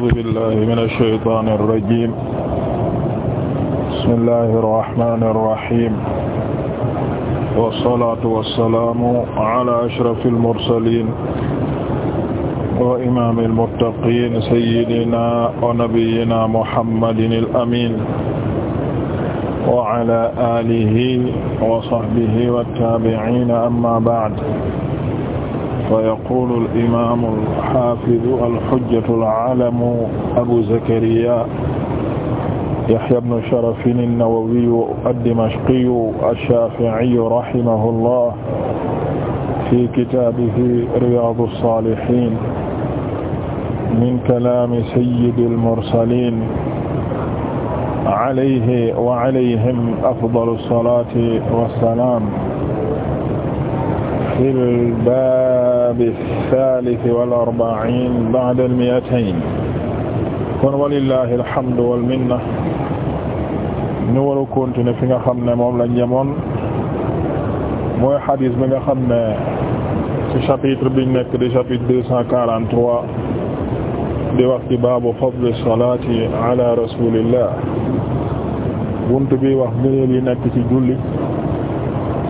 a'uuzu billaahi mina shaytaani rajiim bismillaahi rahmaani rahiim wassalaatu wassalaamu alaa ashrafil mursaliin wa imaamil muttaqiin sayyidinaa wa nabiyyinaa Muhammadinil amiin wa alaa aalihi wa sahbihi wat taabi'iina ammaa ba'd ويقول الإمام الحافظ الحجة العالم أبو زكريا يحيى بن شرف النووي الدمشقي الشافعي رحمه الله في كتابه رياض الصالحين من كلام سيد المرسلين عليه وعليهم أفضل الصلاة والسلام في الباب bis-saalis wal arba'iin ba'da al-mi'atayn kon walillahi alhamdu wal minna ñu war a continuer fi nga xam ne moom lañ yemoon mooy xadiis bi nga xam ne ci chapitre biñ nekk di chapitre deux cent quarante-trois di wax ci baabu fadli salaati ala rasulillah bunt bi wax ngëneel yi nekk ci julli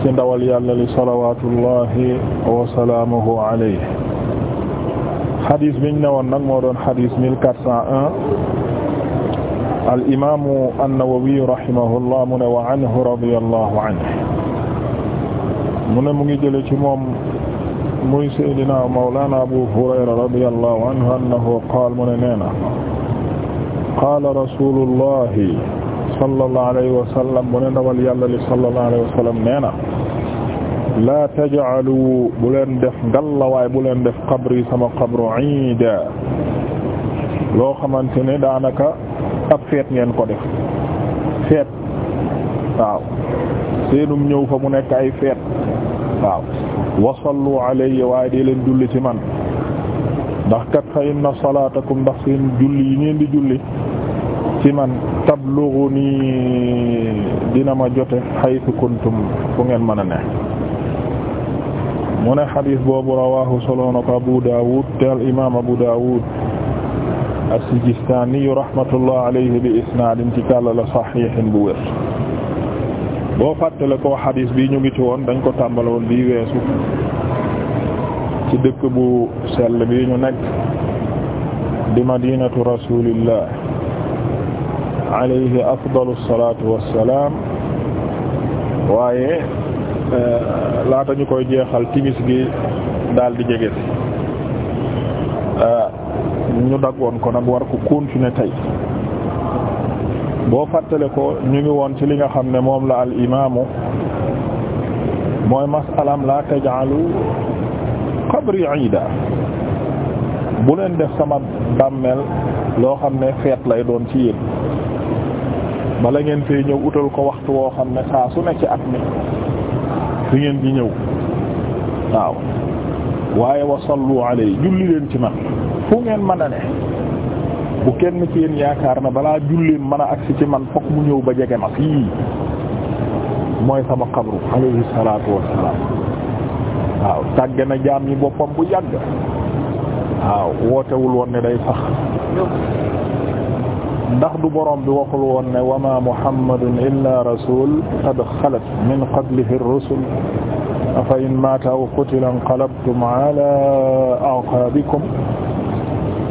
ci ndawal yàlla li salawaatullahi wa salaamuhu alayhi xadis biñ ne woon nag moo doon xadis 1401 al imaamu an-Nawawi rahimahullah mu ne wa anhu radiyallahu anhu mu ne mu ngi jële ci moom muy Seydina Mawlana Abu Hurayra radiyallahu anhu annahu qaala mu ne nee na qaala rasuulullahi sallallahu alayhi wa sallam mu ne ndawal yàlla li sallallahu alayhi wa sallam nee na laa taj'alu bu leen def ngallawaay bu leen def qabri sama qabru iida loo xamante ne daanaka ab feet ngeen ko def feet waaw seenum ñëw fa mu nekk ay feet waaw wasallu alayya waaye dee leen julli ci man ndax kat fa inna salaatakum ndax julli yi ngeen di julli ci man tablughuni dina ma jote haythu kuntum fu ngeen mën a ne mu ne xadis boobu rawahu solo na ko Abu Dawud te al imaam Abu Dawud as-Sijistani rahmatullah alayhi bi isnaadin ci kàllala saxiixin bu wér boo fàttale koo xadis bi ñu ngi ci dañ ko tàmbaloon bii weesu ci dëkk bu sell bi ñu nekk di madinatu rasulillah alayhi afdalu salaatu wassalaam waaye eh, laata ñu koy jeexal timis gi daal di jege si eh, ñu daggoon ko nag war ko continuer tey boo fàttale ko ñu ngi woon ci li nga xam ne moom la al imaamu mooy masalam la taj'alu qabri iida bu leen def sama bàmmeel loo xam ne feet lay doon ci yéen bala ngeen fee ñëw utal ko waxtu woo xam ne saa su ne ci at mi fi ngeen di ñëw waaw waaye wa sallu julli leen ci man fu ngeen mën ne bu kenn ci yéen yaakaar na balaa julleem mën a agsi ci man fokk mu ñëw ba jege ma fii mooy sama xabru alayhi wassalaam waaw tàgge na jaam yi boppam bu yàgg waaw wootewul woon ne day sax ndax du borom bi waxul woon ne wa ma muhammadun illa rasul qad xalat min qablihi ar-rusul afa in mata aw qutila inqalabtum ala a'qabikum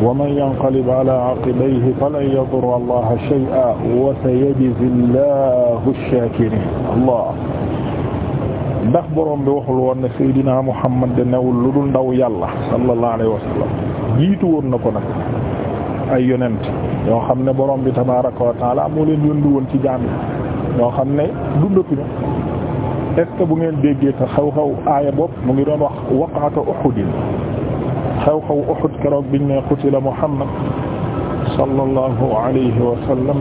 wa man yanqalib ala aqibayhi falan yadurra allaha shay'an wa sayajzi allahu ash-shakirin allah ndax borom bi waxul woon ne saydina muhammad de newul lu dul ndaw yàlla sallallahu alayhi wa sallam jiitu woon na ko nag ay yonent yoo xam ne borom bi tabaaraka wa taala moo leen yónni woon ci jaam yi xam ne dundatuñu est-ce que bu ngeen déggee te xew-xew aaya bopp mu ngi doon wax waqaata Uhudin xew-xew Uhud keroog biñ ne qutila Muhammad sallallahu alayhi wa sallam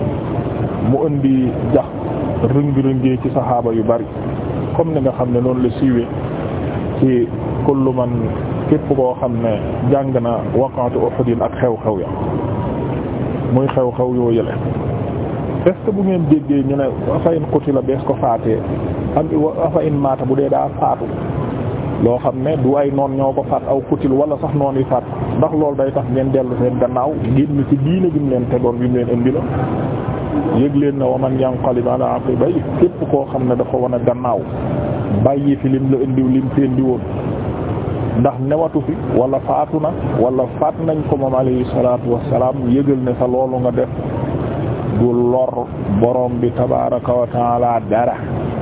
mu indi jax rëng-rëngee ci saxaaba yu bari comme ni nga xam ne noonu la siiwee ci kullu man képp koo xam ne jàng na waqaatu Uhudin ak xew-xew ya muy xew-xew yooyu yële est ce bu ngeen déggee ñu ne afa in qutila bees ko faatee am afa in maata bu dee daa faatu loo xam ne du ay noon ñoo ko faat aw qutil wala sax noon yi faat ndax loolu day tax ngeen dellu seen gannaaw génn ci diine bi mu leen tegoon bi mu leen indi la yëg leen na waman yanqalib ala aqibayhi képp koo xam ne dafa wan a gannaaw bàyyi fi lim la indiw lim fi indi ndax newatu fi wala faatu na wala faat nañ ko moom alayhi salaatu wassalaam yëgal ne sa loolu nga def du lor borom bi tabaaraka wa taala dara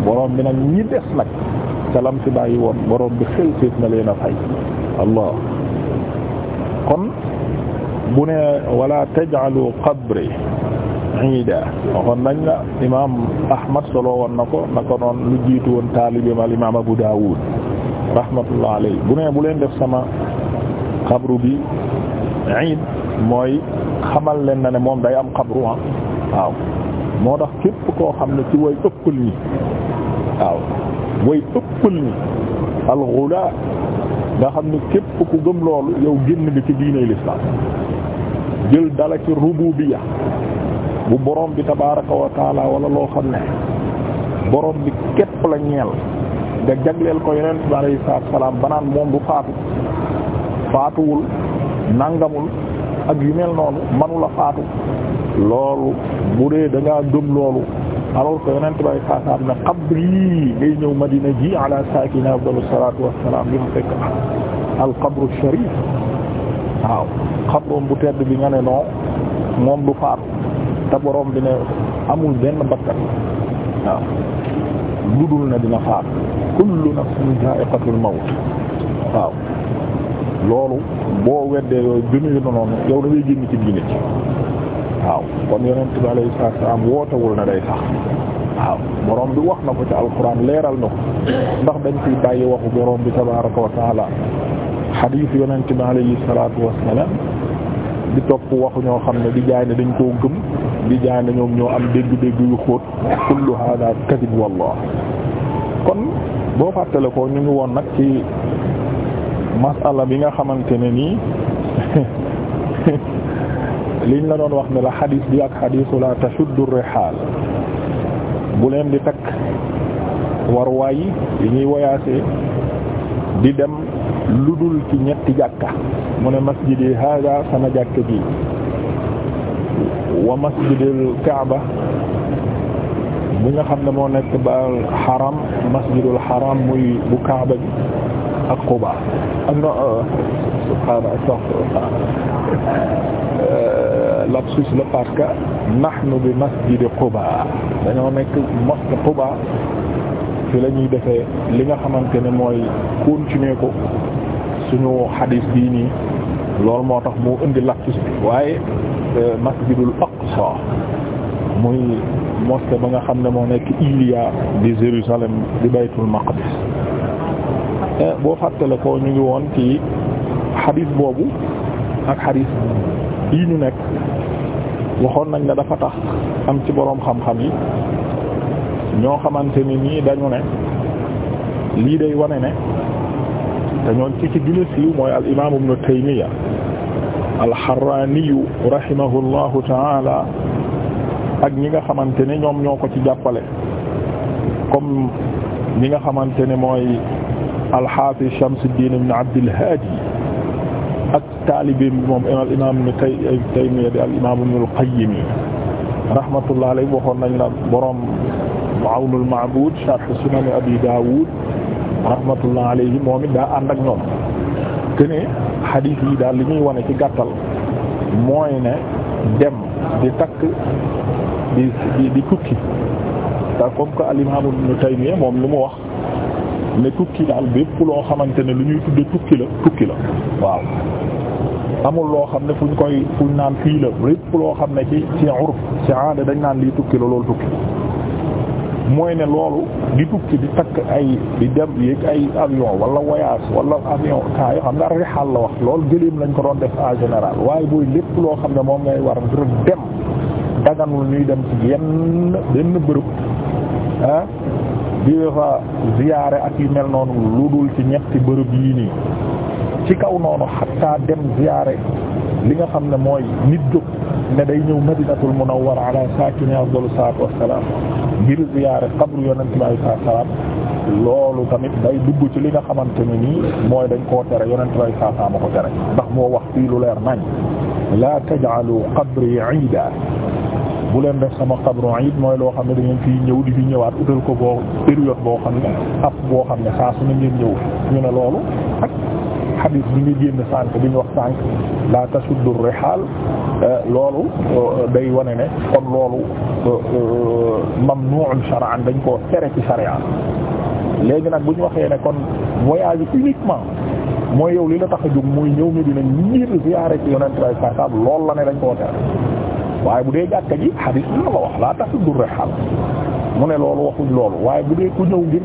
borom bi nag ñi des nag salam si bàyyi woon borom bi xel séet na leen fay allah kon bu ne wala taj'alu qabri iida waxoon nañ la imaam ahmad solo woon na ko na ko noon lu jiitu woon taalibeem al imaam abu daawud rahmatullah alayhi bu ne bu leen def sama xabru bi iid mooy xamal leen na ne moom day am xabru ah waaw moo tax képp koo xam ne ci way ëppal ñi waaw way ëppal ñi alxula nga xam ne képp ku gëm loolu yow génn nga ci diiney l'islam jël dala ci rububiyya bu borom bi tabaraka wa taala wala loo xam ne borom bi képp la ñeel nga jagleel ko yeneen bi alayhi salaatu salaam banaan moom du faatu faatuwul nangamul ak yu mel noonu manula faatu loolu bu dee da ngaa gëm loolu alors que yonent bay saasaam ne qabri yii ngay ñëw madina ji ala saakina afdalu yi mu fekk ah, al qabru sharif waaw xabroom bu tedd bi nga ne non moom du faatu te borom bi ne amul benn bakkat waaw lu dul na dina faat kullu nafsin dha'iqatul mawt waaw loolu boo weddee yooyu gënuñu na noonu yow da ngay génn ci diine ci waaw kon yonent bi alayhi salaam wootewul na day sax waaw borom bi wax na ko ci alquran leeral na ko ndax dañ koy bàyyi waxu borom bi tabaaraka wa taala xadiis yonent bi alayhi salaatu wassalaam di topp waxu ñoo xam ne di jaay ne dañ koo gëm di jaay ne ñoom ñoo am dégg-dégg yu xóot kullu hada kadib wallah kon boo fàttale ko ñu ngi woon nag ci masala bi nga xamante ne nii liñ la doon wax ne la xadiis bi ak xadiisu la tashuddu rihaal bu leen di takk waruwaay yi yi ñuy voyager di dem lu dul ci ñetti jàkka mu ne masjidi hada sama jàkka ji wa masjidil kaaba bi nga xam ne moo nekk baal xaram masjidul xaram muy bu Kaaba bi ak Quba ak no euh, subhaana astaghfirullah euh, lapsus la parce que bi masjid Quba dañoo nekk mosquée Quba fi la ñuy defee li nga xamante ne mooy continuer ko suñu xadiis bii nii loolu moo tax mu indi lapsus bi waaye euh, masjidul Aqsa muy mosquée ba nga xam ne moo nekk Iliya di Jérusalem di baytul maqdis eh, boo fàttale ko ñu ngi woon ci xadis boobu ak xadis bii ñu nekk waxoon nañ ne dafa tax am ci boroom xam-xam yi ñoo xamante ni nii dañu ne lii day wane ne te ñoon ci ci gën a siiw mooy al imaam ibnu Taymiya al Harraani rahimahullahu ta'ala ak ñi nga xamante ne ñoom ñoo ko ci jàppale comme ñi nga xamante ne mooy alxaafiz Shamsuddin ibn Abdul Hadi ak taalibi bi moom al imaam ibn Taymiyya di al imaam ibn al Qayyim rahmatullah alayhi waxoon nañ la borom Awnul Ma'bud sharh Sunan Abi Dawud rahmatullah alayhi moom it daa ànd ak ñoom que ne xadiis yi daal li ñuy wane ci gàttal mooy ne dem. di takk di di di tukki te comme que al imam Ibn Taymiyya moom lu mu wax ne tukki daal bépp loo xamante ne lu ñuy tudd tukki la tukki la waaw amul loo xam ne fuñ koy fuñ naan fii la lépp loo xam ne ci ci urf ci aada dañ naan lii tukki la loolu tukki mooy ne loolu di tukki di takk ay di dem yéeg ay avion wala voyage wala avion kaa yoo xam ne rixaal la wax loolu gëléem lañ ko doon def en général waaye booy lépp loo xam ne moom ngay war ngir dem daganul ñuy dem ci yenn benn bërëb ah di fa ziyaare ak yu mel noonu lu dul ci ñetti bërëb yii nii ci kaw noonu xataa dem ziyaare li nga xam ne mooy nit jóg ne day ñëw madinatul munawwara ala saakini afdalu salaatu wassalaam ngir ziyaare qabru yonent bi alayhi salaatu wassalaam loolu tamit day dugg ci li nga xamante ne nii mooy dañ koo tere yonent bi alayhi salaatu wassalaam ko tere ndax moo wax fii lu leer nañ laa taj'alu qabri 'iida bu leen def sama qabru iid mooy loo xam ne da ngeen fii ñëw di fi ñëwaat utal ko boo période boo xam ne ab boo xam ne saa su ne ngeen ñëw ñu ne loolu xadis bi ñu génn sànk bi ñu wax sànk la tasuddu rihal loolu day wane ne kon loolu mamnu'un shar'an dañ ko tere ci sharia léegi nag bu ñu waxee ne kon voyage uniquement mooy yow lii la tax a jóg mooy ñëw mi dina ngir ziyaare ci yonent lay saasab loolu la ne dañ koo tere waaye bu dee jàkka ji xadis la ko wax la tasuddu rihal mu ne loolu waxuñ loolu waaye bu dee ku ñëw ngir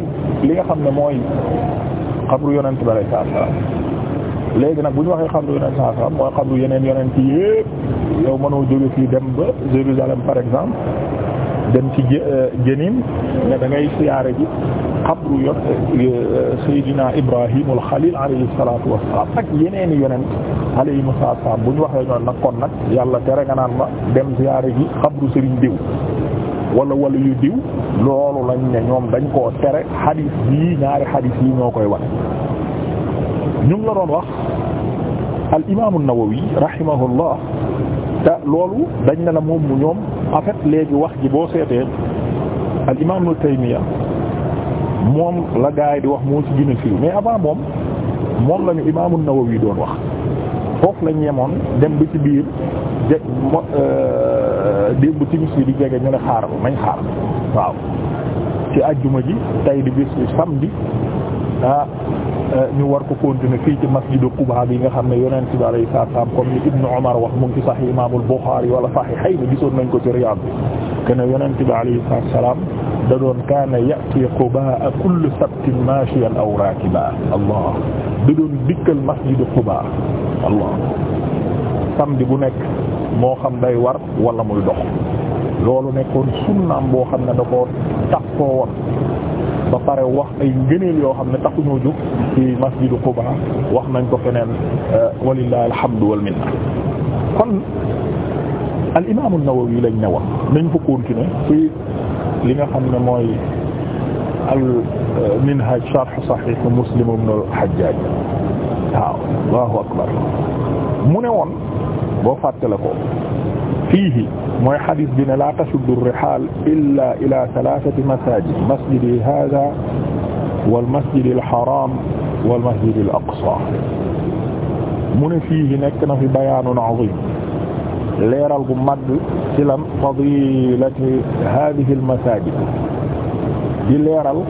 li nga xam ne mooy xabru yonent bi alayhi salaam léegi nag bu ñu waxee xabru yeneen saa saa mooy xabru yeneen yonent yi yépp yow mënoo jóge fii dem ba Jérusalem par exemple dem ci Jenin euh, ne da ngay siyaare ji xabru yon euh, euh, Seydina Ibrahimul Xalil alayhi salaatu wassalaam ak yeneeni yonent alayhi salaatu wassalaam bu ñu waxee ñoon nag kon nag yàlla tere nga naan ma dem siyaare ji xabru Serigne diw wala wala yu diw loolu lañ ne ñoom dañ koo tere xadiis bii ñaari xadiis yi ñoo koy wax ñu ngi la doon wax al imaamu Nawawi rahimahullah te loolu dañ ne la moom mu ñoom en léegi wax ji boo seetee al imaam Ibnu Taymiya moom la yi di wax moo ci ginne a mais avant moom moom la ñu imaamu Nawawi doon wax foofu lañ ñemoon dem ba ci biir je mo euh, démb timis yi di jege ñu ne xaaral nañ xaar waaw ci àjjuma ji tey di bis bi samedi. ah ñu war ko continuer fii ci masjidu Quba bi nga xam ne yonent bi alayhi salaam comme ni Ibnu Umar wax mu ngi ci Sahih Imaamul Buxaari wala Sahihayn gisoon nañ ko ci Riyaad bi que ne yonent bi alayhi salaam da doon kaana ya'ti Quba kullu sabtin maashiyan aw raakiban Allah da doon dikkal masjidu Quba Allah samedi bu nekk moo xam day war wala muy dox loolu nekkoon sunnaam boo xam ne da ko tax koo woon ba pare wax ay ngëneel yoo xam ne taxuñoo jóg ci masjidu Quba wax nañ ko feneen euh, walillahi alhamdu wal minna kon al imaamu Nawawi lañ ne woon nañ ko continuer li nga xam ne mooy al euh, minhaj sharh sahih Muslim ibn al Hajjaj waaw akbar mu ne woon boo fàttale ko mooy xadis bi ne la tasuddu rihaal illaa ilaa salaasati masaajid masjidi haaza wal masjidil haraam wal masjidil aqsaa mu ne fii nekk na fi bayaanun aziim leeral gu mag ci lan fadilati haadihi al masaajid di leeral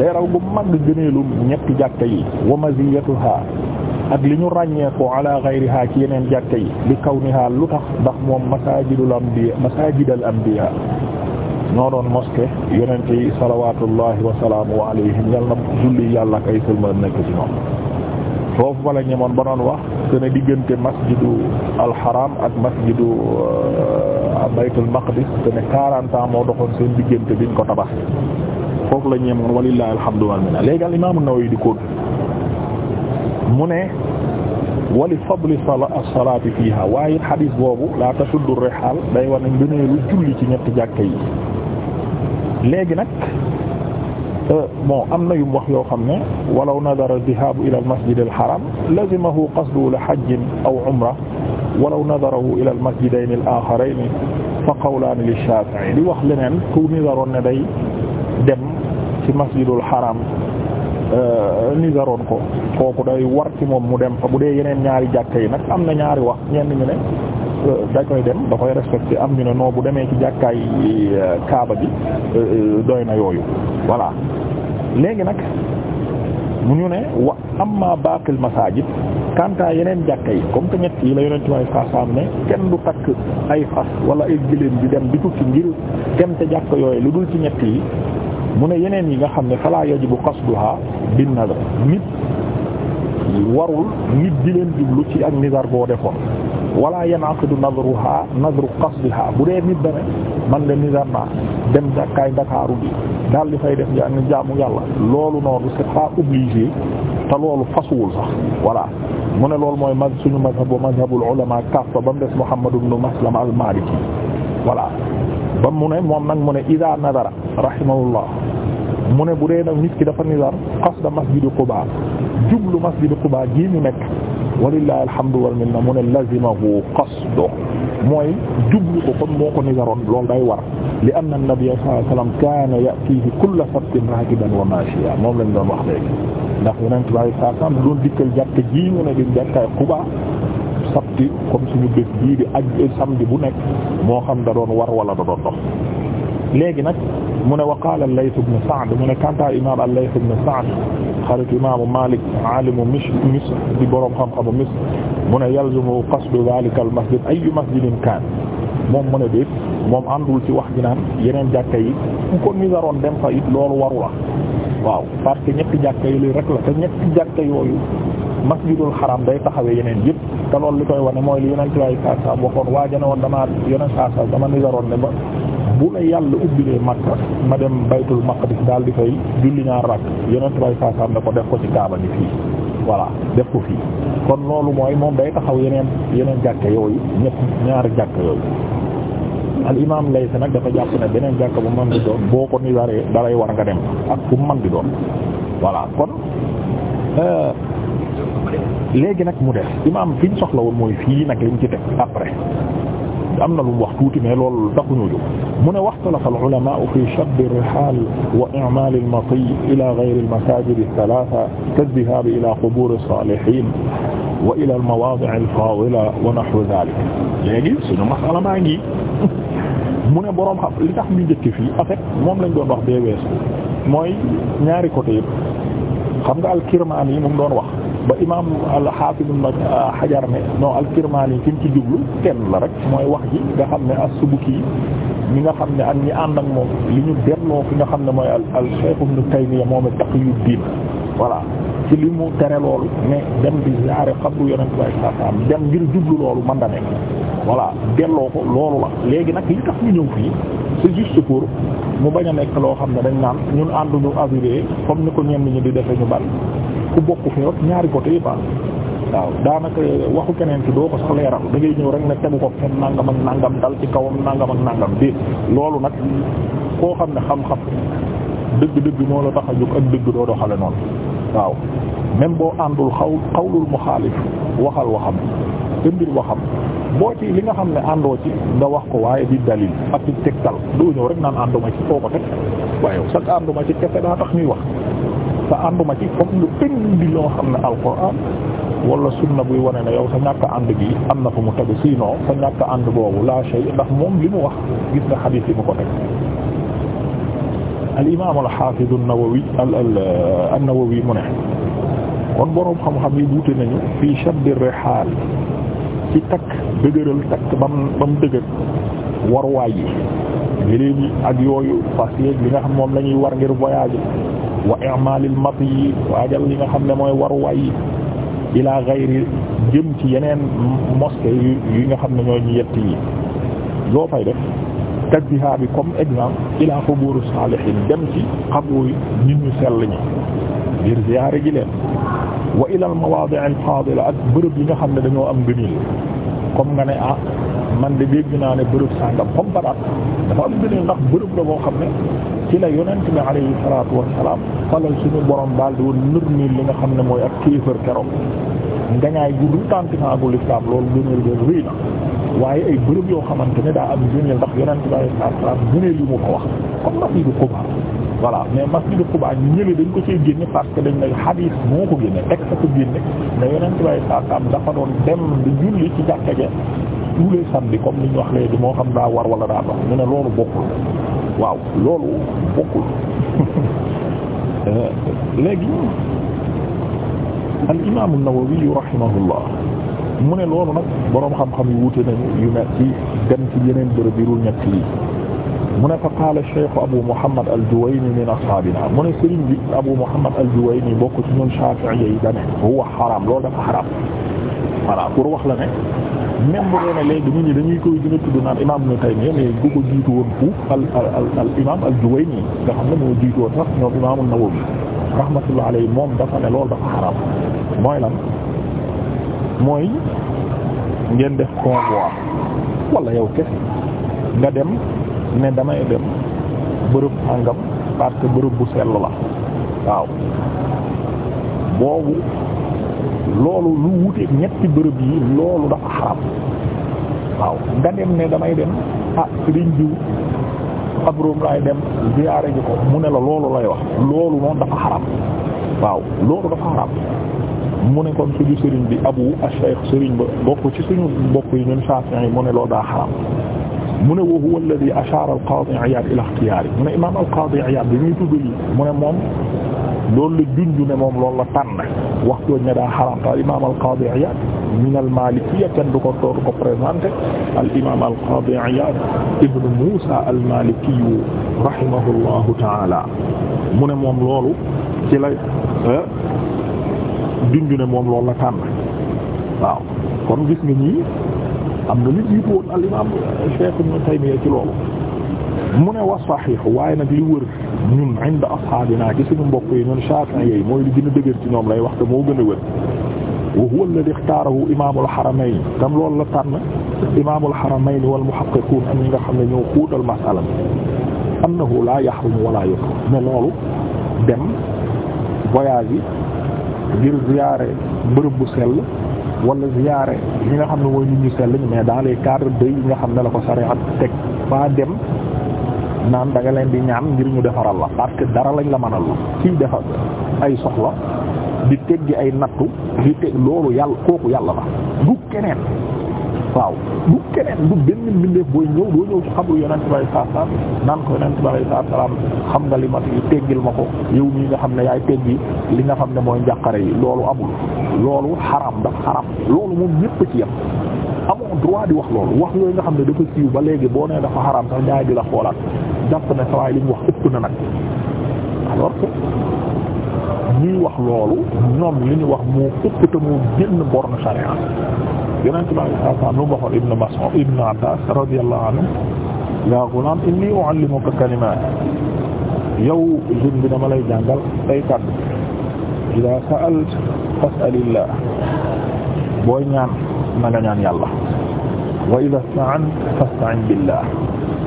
leeral gu mag gëneelu ñetti jàkka yi wa maziyatuhaa ak li ñu ràññee ko ala ghayriha ci yeneen jàkka yi li kawniha lu tax ndax moom masajidul anbiya masajidal anbiya ñoo doon mosquée yonente yi salawatullahi wa salaamu alayhim yal na julli yàlla kay sëlma nekk ci ñoom foofu bala ñemoon ba doon wax dana diggante masjidu alxaraam ak masjidu euh, baytul maqdis dana quarante ans moo doxoon seen diggante biñ ko tabax foofu la ñemoon walillahi alhamdu wal minna léegi al imam an-Nawawi di ko mu ne wali fadli as-salaati fiiha waaye it xadis boobu la tashuddu rihaal day war nañ gëneelu julli ci ñetti jàkka yi léegi nag euh, bon am na yum wax yoo xam ne walaw nadara dhihaabu ila al-masjid al-haram lazimahu qasdu li hajjin aw umra walaw nadarahu ila al-masjidayn al-aakharayn fa qawlaan li-shaafi'i di wax leneen ku nizaroon ne day dem ci masjidul haram Euh, nizaroon ko kooku day war ci moom mu dem fa bu dee yeneen ñaari jàkka yi nag am na ñaari wax ñeen ñu ne euh, da koy dem da koy respecté am ñu ne noo bu demee ci jàkkaay euh, kaaba bi doy na yooyu voilà léegi nag mu ñu ne wa amma baqil masajid kanta yeneen jàkka yi comme que ñett yi la yonent may saasaam ne kenn du takk ay fas wala ay gëléem di dem di tukki ngir dem te jàkk yooyu lu dul ci ñett yi mu ne yeneen yi nga xam ne fala yajibu qasduha bin nazar nit warul nit di leen jublu ci ak nizar boo defoon wala yanaqidu nazruha nazru qasdiha bu dee nit dane man de nizar naa dem dakkaay ndakaaru bi daal di fay def jaan jaamu yàlla loolu noonu c'est pas obligé te loolu fasuwul sax voilà mu ne loolu mooy ma suñu mazhab wa mazhabul ulama kaffa ba mu des Muhammad ibn Maslama al-Maliki voilà ba mu ne moom nag mu ne ida nadara rahimahullah mu ne bu dee nag nit ki dafa nizar qasda masjidu Quba jublu masjidu Quba ji ñu nekk walillahi alhamdu wal minna mu ne lazimahu qasdu mooy jublu ko kon moo ko nizaroon loolu day war li anna nabiyya sallallahu alayhi wasallam kaana ya'tihi kulla sabtin raakiban wa maashiya moom lañ doon wax léegi ndax yeneen tubaab yi saa sam doon dikkal jàkk ji ñu ne di jàkkaay Quba sabti comme suñu bés bii di aj samedi bu nekk moo xam da doon war wala da doon dox léegi nag mu ne wa qaala al-Layth ibn Sa'd mu ne kanta imam al-Layth ibn Sa'd xarit imaamu Malik alimu Misr Misr di borom xam-xamu Misr mu ne yalzumu qasdu dhalika al-masjid ayyu masjidin kaan moom mu ne déet moom àndul ci wax gi naan yeneen jàkka yi ku ko nisaroon dem fa it loolu waru la waaw parce que ñetti jàkka yi rek la te ñetti jàkka yooyu masjidul xaram day taxawee yeneen yëpp te loolu li koy wane mooy li yeneen tuwaay saa saa waxoon waajal na woon damaa yeneen bu la yàlla ubbilee Makka ma dem baytul maqdis daal di fay julli ñaar rakk yonent bay saasaam ne ko def ko ci kaaba ji fii voilà def ko fii kon loolu mooy moom day taxaw yeneen yeneen jàkka yooyu ñett ñaari jàkka yooyu al imaam laysa nag dafa jàpp ne beneen jàkka bu man di doon boo ko ni waree dalay war nga dem ak fu man di doon voilà kon euh, léegi nag mu def imaam fi ñu soxla woon mooy fii nag liñ ci teg après am na lu mu wax tuuti mais loolu taxuñu jóg mu ne waxtalafa al ulama fi shabb ar rihal wa i'mal al mati ila ghayr al masajid al thalatha ka dhahab ila qubur as salihin wa ila al mawadi' al fadila wa nahwu dhalik léegi suñu masala maa ngi mu ne boroom xam li tax ñu njëkk fii en fait moom lañ doon wax bee weesu mooy ñaari côté yëpp xam nga al kirmaani yi mu doon wax ba imaam al-Hafiz ibn Hajar ne non al-Kirmani ki ci jublu kenn la rek mooy wax ji nga xam ne as-Subuki ñi nga xam ne ak ñi ànd ak moom li ñu delloo fi nga xam ne mooy al-Shaykh ibn Taymiyya moom Taqiyuddin voilà ci li mu tere loolu ne dem di ziyaare xabru Yonent bi sallallahu dem ngir jublu loolu mën na nekk voilà delloo ko loolu la léegi nag li tax ñu ñëw fii c'est juste pour mu bañ a nekk loo xam ne dañ naan ñun ànduñu aviré comme ni ko ñenn ñi di defee ñu bari ku bokk fi ñaari côté yi baax waaw daanaka waxu keneen ki doo ko sax leeral da ngay ñëw rek ne tegu ko kenn nangam ak nangam dal ci kawam nangam ak nangam déet loolu nag koo xam ne xam-xam dëgg-dëgg moo la tax a jóg ak dëgg doo doxale noonu waaw même boo àndul xaw xawlul muxaalif waxal waxam te mbir waxam boo ci li nga xam ne àndoo ci nga wax ko waaye di dalil ak ci tegtal doo ñëw rek naan ànduma ci foo ko teg waaye sax ànduma ci kese daa tax ñuy wax te ànduma ci fokk nga indi loo xam ne alquran wala sunna buy wane ne yow sa ñàkk ànd bi am na fu mu tegu sinon sa ñàkk ànd boobu la shay ndax moom li mu wax gis nga xadiis yi mu ko teg al imaam al xaafid an-Nawawi mu ne kon boroom xam-xam yi wuute nañu fii shadd rihaal ci takk dëgëral takk bam bam war waay yi ak yooyu fas yeeg li nga xam moom la ñuy war ngir voyage wa i'malil mati yi waajal yi nga xam ne mooy waruwaay yi ila ghayri jëm ci yeneen mosquée yi nga xam ne ñooy ñu yetti yi loo fay def tajbiha bi comme exemple ila quburu salihin dem ci xabru nit ñu sell ñi ngir ziyaare ji leen wa ila al mawadi' ak bërëb yi nga xam ne dañoo am gënil comme nga ne ah man de dégg naa ne bërëb sàngam comme baraat dafa am gënil ndax bërëb la boo xam ne ci la yonent bi alayhi salaatu wassalaam falal suñu borom daal di woon nërmeel li nga xam ne mooy ak kéefër keroog ngañaay bu retentissement bu lislaam loolu gëneel de rëy na waaye ay bërëb yoo xamante ne daa am gëneel ndax yonent bi alayhi salaatu wassalaam gëneel yu mu ko wax comme masjidu Quba voilà mais masjidu Quba ñële dañ ko see génne parce que dañ ne xadiis moo ko génne teg sa ko génne ne yonent bi alayhi salaatu wassalaam dafa doon dem di julli ci jàkka ni ñu wax léegi moo xam daa war wala daa dox ñu waaw loolu bokkul léegi al imaamu Nawawi rahimahullah mu ne loolu nag boroom xam-xam yu wuute nañu yu ne ci dem ci yeneen bërëb yi ñett lii mu ne fa qaala Cheikh Abu Muhammad al-Juwayni min ashaabina mu ne sëriñ bi Abu Muhammad al-Juwayni bokk ci ñun Shaafi'i yi da ne huwa xaraam loolu dafa xaraam voilà pour wax la ne. même bu nee ne ñi dañuy koy gën a tudd naan imaam Ibn Taymiyya mais bu ko jiitu woon fuuf al al al al imaam al-Juwayni nga xam ne moo jiitu woon sax ñoom imaam an-Nawawi rahmatullah moom dafa ne loolu dafa xaraam mooy lan mooy ngeen def convoi walla yow kese nga dem ne damay dem bërëb àngam parce que bërëb bu sell la waaw boobu loolu lu wuteeg ñetti bërëb yi loolu dafa xaram waaw nga dem ne damay dem ah sëriñ diw abroom laay dem ziyaare ji ko mu ne la loolu lay wax loolu noonu dafa xaram waaw loolu dafa xaram mu ne kon suñu sëriñ bi abu ash-shaykh sëriñ ba bokk ci suñu bokk yi ñun Shafi'i yi mu ne loolu daa xaram mu ne wa huwa alladhi ashara al-qadi Iyad ila ikhtiyari mu ne imam al-qadi Iyad bi ñuy tudd lii mu ne moom loolu la junj ne moom loolu la tànn wax jooju ne daa xaram te al imaam al min al maalikiyya kenn du ko dootu ko présenté al imaam al qaadi Iyaad taala mu ne moom loolu ci la dundu eh, ne moom loolu la tànn waaw kon gis nga ñii am na lu jiitu woon al imaam Ibn Taymiyya ci loolu mu ne wa saxiix waaye nag li wër. ñun inda ashaabina ci suñu mbokk yi ñun Shaafi'i yi mooy li gën a dëgër ci ñoom lay wax moo gën a wër wa huwa alladhi ikhtarahu imaamul haramayn tam loolu la tànn imaamul haramayn wal muhaqqiqun am ñi nga xam ne ñoo xóotal masala annahu la yahrumu wala yukrah ne loolu dem voyage yi ngir ziyaare bërëb bu sell wala ziyaare ñi nga xam ne mooy nit ñu mais dans les cadres de yi xam ne la ko sariya teg ba dem naan da leen di ñaan ngir ñu defaral la parce dara lañ la mënal kiy defar ay soxla di teggi ay nattu di teg loolu yàlla kooku yàlla la du keneen waaw du keneen du benn mbindeef booy ñëw doo ñëw ci xabru yonent bi saa saa naan ko yonent bi saa salaam xam nga li ma teggil ma ko yow mii nga xam ne yaay teggi li nga xam ne mooy njàqare yi loolu amul loolu xaram daf xaram loolu moom ñépp ci yam amoo droit di wax loolu wax yooyu nga xam ne dafa siiw ba léegi boo nee dafa xaraam sax ñaay di la xoolaat jàpp ne sawaay li mu wax ëpp na nag alors wax loolu ñoom li ñu wax moo ëpp te moo génn borne charia yonent bi sallallahu alayhi wa sallam lu mu waxoon ibn yaa ghulam inni u'allimuka kalimaat yow jeune bi dama lay jàngal ay kàddu ida sa'alt fas'alillah booy na nga ñaan yàlla wa ida staan fastain billah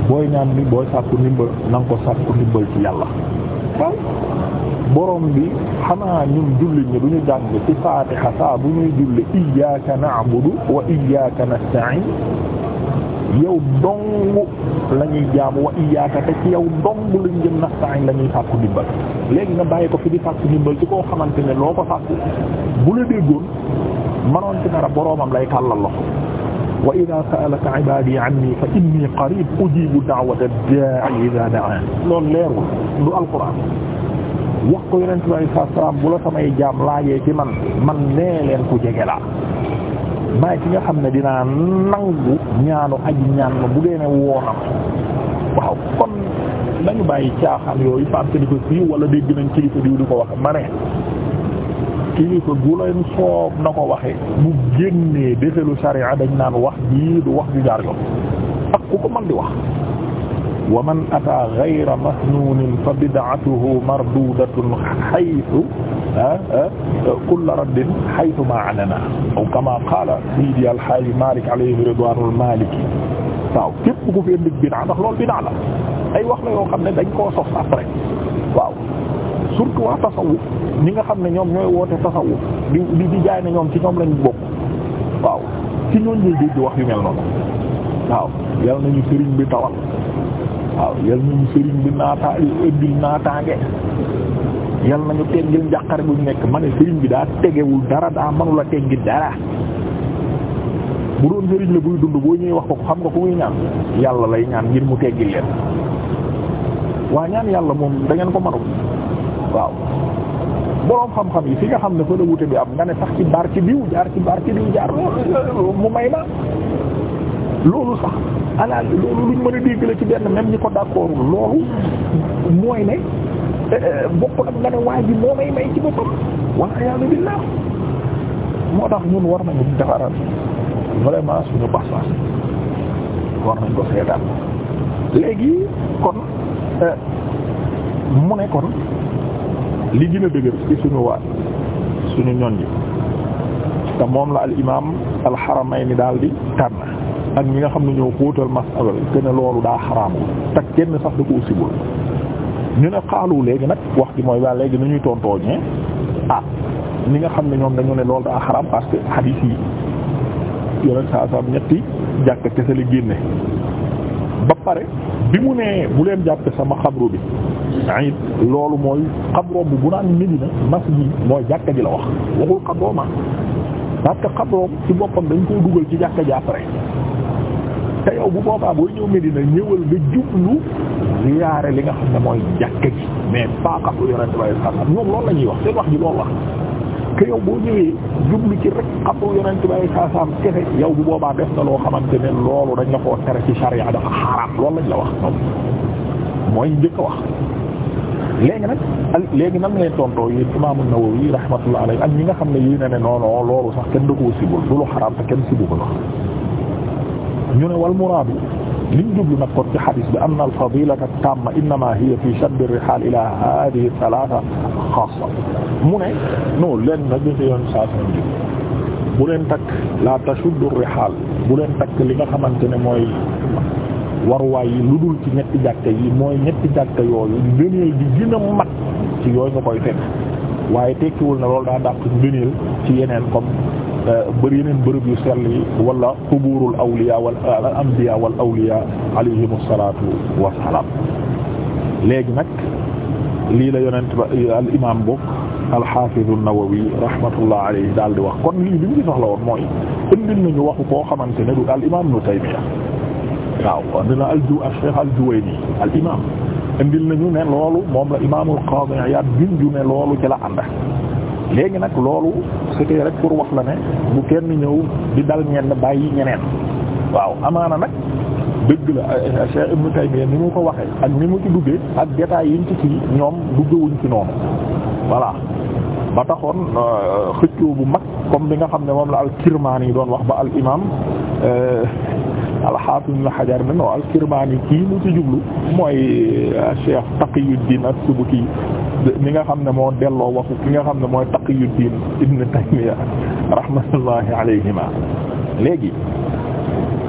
booy ñaan ni booy sàkku ndimbal na nga ko sàkku ndimbal ci yàlla waaw borom bi xanaa ñun julli ñi du ñu jàng ci faatiha saa bu ñuy julli iyyaka na'budu wa iyyaka nasta'in yow dong la ñuy jaamu wa ci yow dong luñ ñuy sàkku ndimbal léegi nga bàyyi ko fi di sàkku ndimbal ci koo xamante ne loo ko sàkku bu la déggoon manoon ci dara boroomam lay tàllal loxo wa ida sa'alaka ibadi anni fa inni qarib ujibu da'wata da'i ida da'a loolu leerul du alquran wax ko yonent bi alayhi salaatu salaam bu la samay jaam laajee ci man man nee leen ku jege laa maay ci nga xam ne dinaa nangu ñaanu aji ñaan ma bu dee ne woonam waaw kon lañu bàyyi caaxaan yooyu parce que di ko siiw wala dégg nañ kilifa diw di ko wax ma ne kilifa gu leen soob na ko waxee bu génnee defelu sariya dañ naan wax jii du wax ju jaar yoon ak ku ko mën di wax wa man ataa ghayra masnuunin fa bid'atuhu mardudatun haythu ah, ah, kulla raddin haythu ma anana aw kama qaala sayyidi alhaaji Malik alayhi ridwaanul maaliki waaw képp ku fi indi bid'a ndax loolu bid'a la ay wax la yoo xam ne dañ koo sos après surtout waa tasawuf ñi nga xam ne ñoom ñooy woote tasawuf di di di jaay ne ñoom ci ñoom lañ bokk waaw ci ñooñ lay dégg wax yu mel noonu waaw yal nañu sëriñ bi tawal waaw yal nañu sëriñ bi naataa ëddil naataange yal nekk ma ne bi daa tegewul dara daa manula teggi la buy dund boo ñuy wax xam nga ku yàlla lay ñaan ngir mu teggil leen waa ñaan yàlla moom da ko manu waaw boroom xam-xam yi fi nga xam ne fa la wute bi am nga ne sax ci barke biw jaar ci barke biw jaar mu may na loolu sax alal loolu luñ mën a dégg la ci benn même ñi ko d'accord loolu mooy ne eh, eh, bokkul ak nga ne waa ji moo may may ci boppam wala yàlla billaah moo tax ñun war nañu defaral vraiment suñu pas war nañ ko seetaan léegi kon eh, mu ne kon li gën a dëgër ci suñu waat suñu ñoñ yi te moom la al imaam al daal di tànn nga xam ne ñoo xóotal masala loolu daa xaraamul te kenn sax da ko sibul léegi nag wax ji mooy waa léegi nu ñuy tontooñee ah nga xam ne ñoom dañu ne loolu daa xaraam parce que xadiis yi yoneen saa saa ñetti jàkk kese la génne ba pare bi mu nee bu leen jàppe sama xabru bi it loolu mooy xabro bu bu naan Medina masjid mooy jàkka ji la wax waxul xabro ma parce que xabroom ci boppam dañ koy dugal ci jàkka ji après te yow bu boobaa booy ñëw Medina ñëwal nga jublu ziyaare li nga xam ne mooy jàkka ji mais pas xabru yonente bi sallallahu alayhi wasallam la ñuy wax seen wax ji loolu wax que yow boo ñëwee jublu ci rek xamul yonent bi ay saasaam kese yow bu boobaa def na loo xamante ne loolu dañ la koo tere ci charia dafa xaraam loolu lañ la wax moom mooy njëkk a wax. léegi nag léegi nan lay tontoo yéen imaamu Nawawi rahmatullah alayhi ak ñi nga xam ne yii na ne non non loolu sax kenn du ko sibul du lu xaraam te kenn sibu ko ñu ne wal muraadu li mu jublu nag kon ci xadis bi anna al-fadilata tamma innama hiya fi shadd ar-rihal ila hadhihi thalatha xaassa mu ne non leen nag ñu ci yoon saa si bu leen takk la tashuddu ar-rihal bu leen takk li nga xamante ne mooy waruwaay yi lu dul ci ñetti jàkka yi mooy ñetti jàkka yooyu ngëneel di gën a mat ci yooyu nga koy fekk waaye tekkiwul na loolu daa dàq ngëneel ci yeneen comme Euh, bëri yeneen bërëb yu sell yi wala xubuurul awliya wal anbiya wal awliya alayhim salaatu wassalaam léegi nag lii la yonent ba al imaam bokk alxaafizu nawawi rahmatullah alayhi daal di wax kon lii bi ñu soxla woon mooy koo xamante ne du al imaam nu taymiya waaw indi na al ju al cheikh al juwayni al imaam indil nañu ne loolu moom la imaamul qaadi léegi nag loolu c'était rek pour wax la ne bu kenn ñëw di dal ñenn bàyyi ñeneen waaw amaana nag dëgg la eh, eh, Cheikh Ibn Taymiyya ni mu ko waxee ak ni mu ci duggee ak détails yiñ ci ci ñoom duggewuñ ci noonu voilà ba taxoon euh, xëccoo bu mag comme bi nga xam ne moom la al-Kirmaani doon wax ba al-imaam euh, al-Haafiz Ibn Hajar ne non al-Kirmaani kii mu ci jublu mooy euh, Cheikh Taqiyuddin as-Subki ni nga xam ne moo delloo waxu ki nga xam ne mooy Taqiyuddin ibn Taymiya rahmatullahi alayhima léegi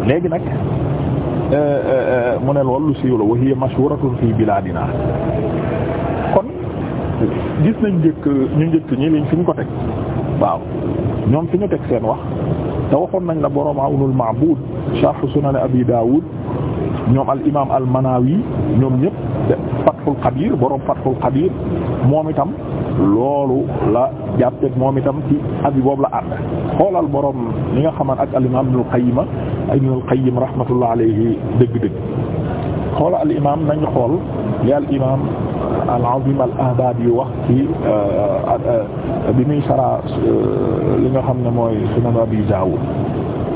léegi nag euh, euh, euh, mu ne loolu lu siiw la wa hiya mashhuratun fi bilaadina kon gis nañ njëkk ñu njëkk ñi liñ fi ñu ko teg waaw ñoom fi ñu teg seen wax te waxoon nañ la boroom Awnul Ma'bud sharh Sunan Abi Dawud ñoom al imaam al Manawi ñoom ñépp Fathul Qadir borom Fathul Qadir moom itam loolu la jàppeeg moom itam ci abi boobu la ànd xoolal borom li nga xamante ak al-imaam Ibnul Qayyim Ibnul Qayyim rahmatullah alayhi dëgg-dëgg xoolal al-imaam nañu xool li al-imaam al-azim al-ahbab yi wax ci euh, bi muy sara euh, li nga xam ne mooy sunan abi Daawud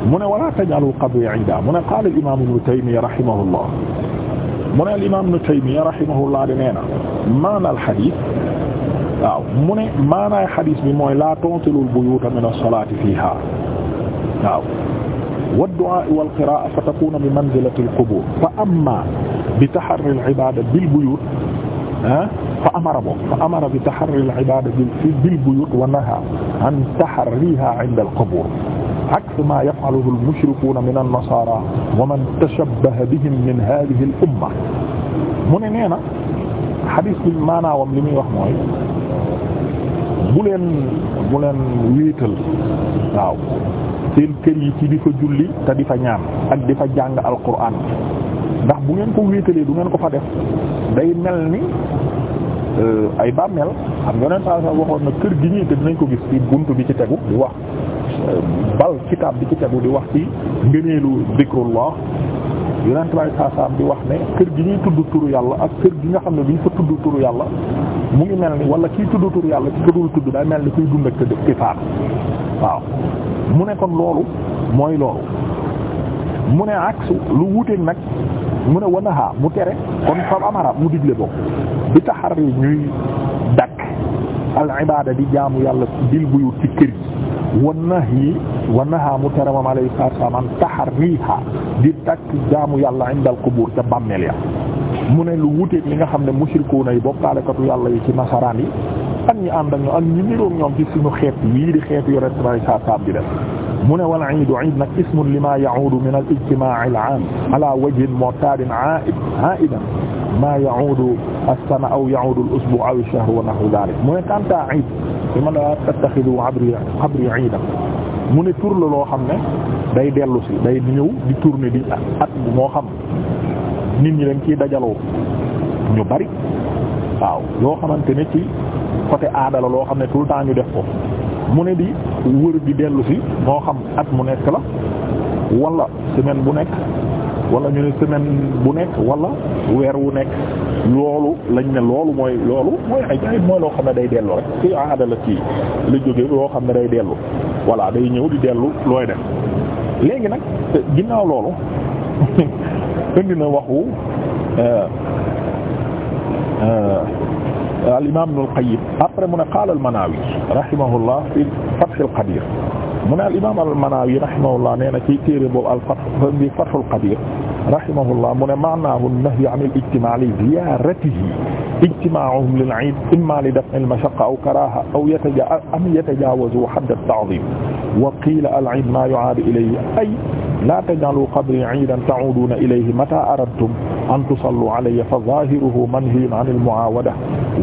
mu ne wala taj'alu qabri 'iidan mu ne qaala al-imaam Ibnu Taymiyya rahimahullah mu ne al imaam Ibnu Taymiyya rahimahullah de nee na maanaal xadiis waaw mu ne maanaay xadiis bi mooy laa tunsilul buyuuta min as-salaati fiihaa waaw wad-du'aa wal qiraa'a fa takuunu bi manzilatil qubuur fa ammaa bi taharril ibaada bil buyuut ah fa amara bo fa amara bi taharril ibaada bil buyuut wa nahaa an taharriihaa indal qubuur aksu maa yaf'aluhu al-mushrikuuna min an-nasaara wa man tashabbaha bihim min haadihi al-umma mu ne nee na xadiis bi maanaawam li muy wax mooy bu leen bu leen wéetal waaw seen kër yi ci di fa julli te di fa ñaan ak di fa jàng alquran ndax bu ngeen ko wéetalee du ngeen ko fa def day mel ni euh, ay bàmmeel xam nga neen saa saa waxoon na kër gi ñuy te dinañ ko gis ci bunt bi ci tegu di wax bal kitaab bi ci tegu di wax ci ngëneelu zikrullah yonent bay saasaam bi wax ne kër gi ñuy tudd turu yàlla ak kër gi nga xam ne bi ñu fa tudd turu yàlla mu ngi mel ni wala kiy tudd turu yàlla ci kadul tudd day mel ni kuy dund ak ka def kitaab waaw mu ne kon loolu mooy loolu mu ne aks lu wuuteeg nag mu ne wanaha mu tere kon fa amara mu digle bokk bi taxar ñuy dakk al ibaada di jaamu yàlla bil buyut ci kër wan na yi wan nahaa mu tere moom takk jaamu yàlla indal qubur ca bàmmeel ya mu ne lu wuteeg li nga xam ne mushrikuuna yi bokkaalekatu yàlla yi ci nasaraan yi ak ñi ànd ak ñoom ak ñi niroog ñoom ci suñu xeet yii di xeetu yore alayhi salaatu wa salaam di def mu ne wal iid iid nag ismun lima ya'uudu min al ijtimaa' al 'aam ala wajhin mu'taadin 'aa'id 'aa'idan maa ya'uudu aw ya'uudu al usbuu' wa nahwu dhaalika mu kanta iid li ma la tattaxidu abri abri iida mu ne tur la loo xam ne day dellu si day ñëw di tourner di at moo xam nit ñi dañ ciy dajaloo ñu bari waaw loo xamante ne ci côté aadala loo xam ne tout le temps ñu def ko mu ne di wër di dellu si moo xam at mu nekk la wala semaine bu nekk wala ñu ne semaine bu nekk walla weer wu nekk loolu lañ ne loolu mooy loolu mooy ajaayib mooy loo xam ne day dellu rek ci aada la ci la jóge loo xam ne day dellu voilà day ñëw di dellu looy def léegi nag ginnaaw loolu indi na waxu euh, euh, al imaam Ibnul Qayyim après mu ne qaala al Manaawi rahimahullah fi Fathul Qadir mu ne al imaam na ci téere boobu al Fath bi Qadir rahimahullah mu ne maanaahu nahyu an al-ijtimaa' li ziyaaratihi ijtimaa'uhum lil 'iid immaa li daf'i al-mashaqqa aw karaaha aw am yatajaawazu hadd at-ta'ziim wa qiila al-'iid maa yu'aadu ilayhi ay laa taj'aluu qabrii 'iidan ta'uuduuna ilayhi mataa aradtum an tusalluu 'alayya fa zaahiruhu manhiyun 'an al-mu'aawada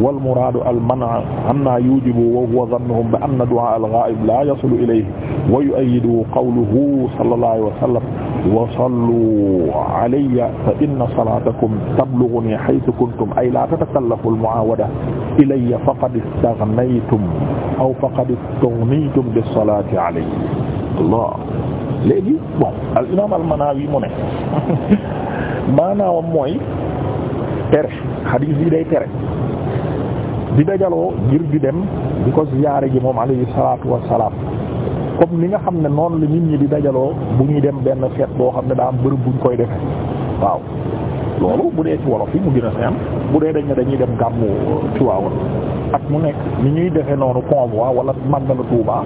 wal muraadu al-man'u 'ammaa yuujibu wa huwa dhannuhum bi anna du'aa al-ghaa'ib laa yasilu ilayhi wa yu'ayyiduhu qawluhu sallallaahu alayhi wa sallam wa sallu alayya fa inna salaatakum tablughunii haythu kuntum ay laa tatakallafu al-mu'aawada ilayya faqad istaghnaytum aw faqad istaghnaytum bis-salaati alayya Allah léegi bon al-imaam al-Manaawi mu ne maanaam mooy tere hadiis yi day tere di dajaloo ngir di dem di ko ziyaare ji moom alayhi salaatu wa salaam comme li nga xam ne noonu la nit ñi di dajaloo bu ñuy dem benn feet boo xam ne daa am bërëb buñ koy defee waaw loolu bu dee ci wolof yi mu gën seen bu dee dañ ne dañuy dem gàmmu Tiwaawan at mu nekk ni ñuy defee noonu convoi wala màggalu Tuuba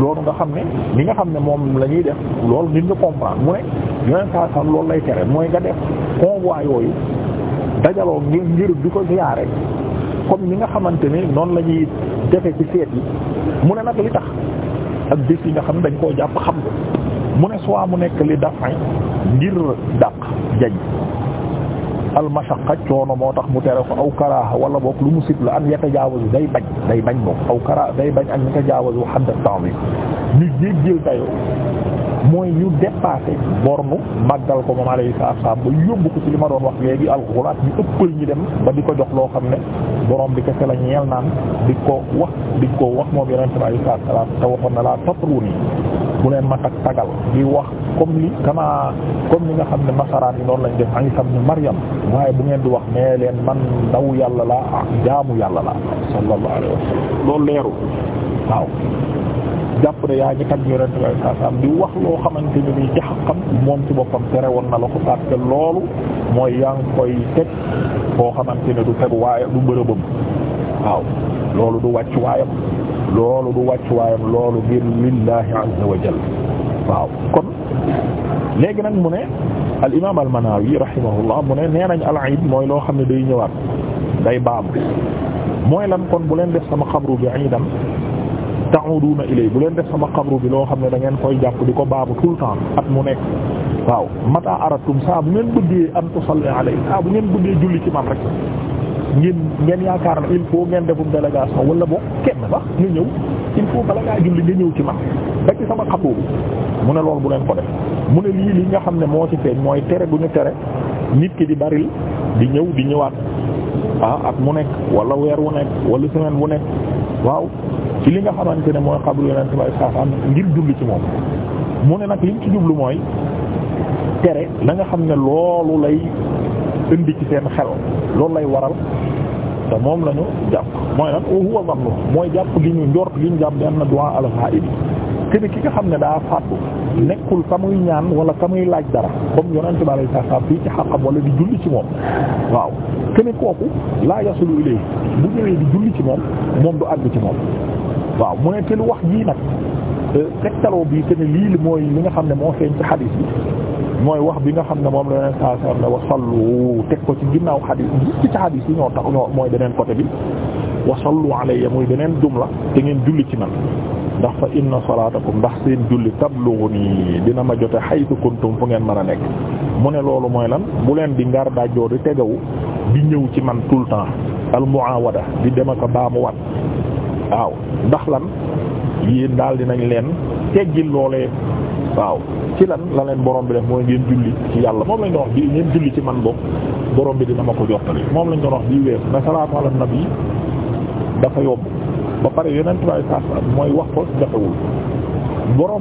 loolu nga xam ne li nga xam ne moom lañuy def lool nit ñu comprendre mu ne yeneen saa mooy nga def convoi yooyu dajaloo ngir ngir di ko rek comme ni nga xamante ni noonu la ñuy defe ci feet yi mu ne nag li tax ak bés yi nga xam ne dañ koo jàpp xam ko mu ne soit mu nekk li dafay ngir dàq jañ almashaqqa coono moo tax mu tere ko aw karaaha wala boog lu mu sib la an yatajaawazu day bañ day bañ boog aw karaaha day bañ an yatajaawazu hadd at-ta'zim ñu jéggil tayoo mooy ñu dépassé bornu màggal ko moom alayhi salaam ba yóbbu ko ci li ma doon wax léegi alxulaat ñu ëppal ñi dem ba di ko jox loo xam ne borom bi kese la ñeel naan di ko wax di ko wax moom yeneen bi alayhi salaam te waxoon na laa tatruuni bu leen man tag tagal di wax comme li kama comme li nga xam ne nasaraan yi noonu lañ def ay xam ne Maryam waaye bu ngeen di wax nee leen man ndaw yàlla la ak jaamu yàlla laa sallallahu alayhi loolu leeru jàpp ne yaa ngi tag yonente bi di wax loo xamante ni nii ci xam moom ci boppam tere woon na la ko parce que loolu mooy yaa ngi koy teg koo xamante ne du tegu waaye du bërëbam waaw loolu du wàcc waayam loolu du wàcc waayam loolu ngir lillahi azza wa jalla waaw kon léegi nag mu ne al imaam al Manawi rahimahullah mu ne nee al iid mooy loo xam ne day ñëwaat day baam mooy lan kon bu leen def sama xabru bi iidam ta'uduna ilay bu leen def sama xabru bi loo xam ne dangeen koy jàpp di ko baabu tout le temps at mu nekk waaw mata aratum saa bu ngeen bëggee an tusalli alay saa bu ngeen bëggee julli ci man rek ngeen ngeen yaakaar na il faut ngeen defum délégation wala boo kenn sax nga ñëw il faut bala ngaa julli nga ñëw ci man rek ci sama xabru bi mu ne lool bu leen ko def mu ne lii li nga xam ne moo ci feeñ mooy tere bu ñu tere nit ki di baril di ñëw di ñëwaat ah mu nekk wala weer wu nekk wala semaine ci li nga xamante ne mooy xabru yonent bi sallallahu alayhi ngir julli ci moom mu ne nag li ci jublu mooy tere la nga xam ne loolu lay indi ci seen xel loolu lay waral te moom lañu ñu jàpp mooy mooy jàpp gi ñu njort gi ñu jàpp ne am na du'a al ghaib kene ki nga xam ne daa fàttu nekkul ka muy ñaan wala ka muy laaj dara comme yonente bi alay saat fii ci xaqam wala di julli ci moom waaw kene kooku laa yasulu ilay bu ñëwee di julli ci moom moom du àgg ci moom waaw mu ne te wax jii nag euh, tegtaloo bii que ne lii li mooy li nga xam ne moo feeñ ci xadiis bi mooy wax bi nga xam ne moom la yeneen saa saa ne wa teg ko ci ginnaaw xadiis yi ñoo tax ñoo mooy beneen côté bi wa sallu alayya muy beneen jumla te ngeen julli ci man ndax fa inna salaatakum ndax seen julli tablughuni dina ma jote haythu kuntum fu ngeen mën a nekk mu ne loolu mooy lan bu leen di ngar daajoo di tegawu di ñëw ci man tout le temps al muawada di dem ak a baamuwaat waaw ndax lan yéen daal dinañ leen teggil loole waaw ci lan la leen borom bi def mooy ngeen julli ci yàlla moom lañ doon wax bi ngeen julli ci man boog borom bi dina ma ko jottali moom lañ doon wax bii weesu na bi ala nabi dafa yomb ba yeneen saa mooy wax ko jafewul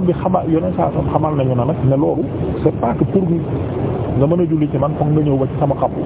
bi xamal yeneen saa xamal nañu ne nag ne loolu c'est pas pour nga mën a julli ci man foog nga ñëw ba ci sama xabu.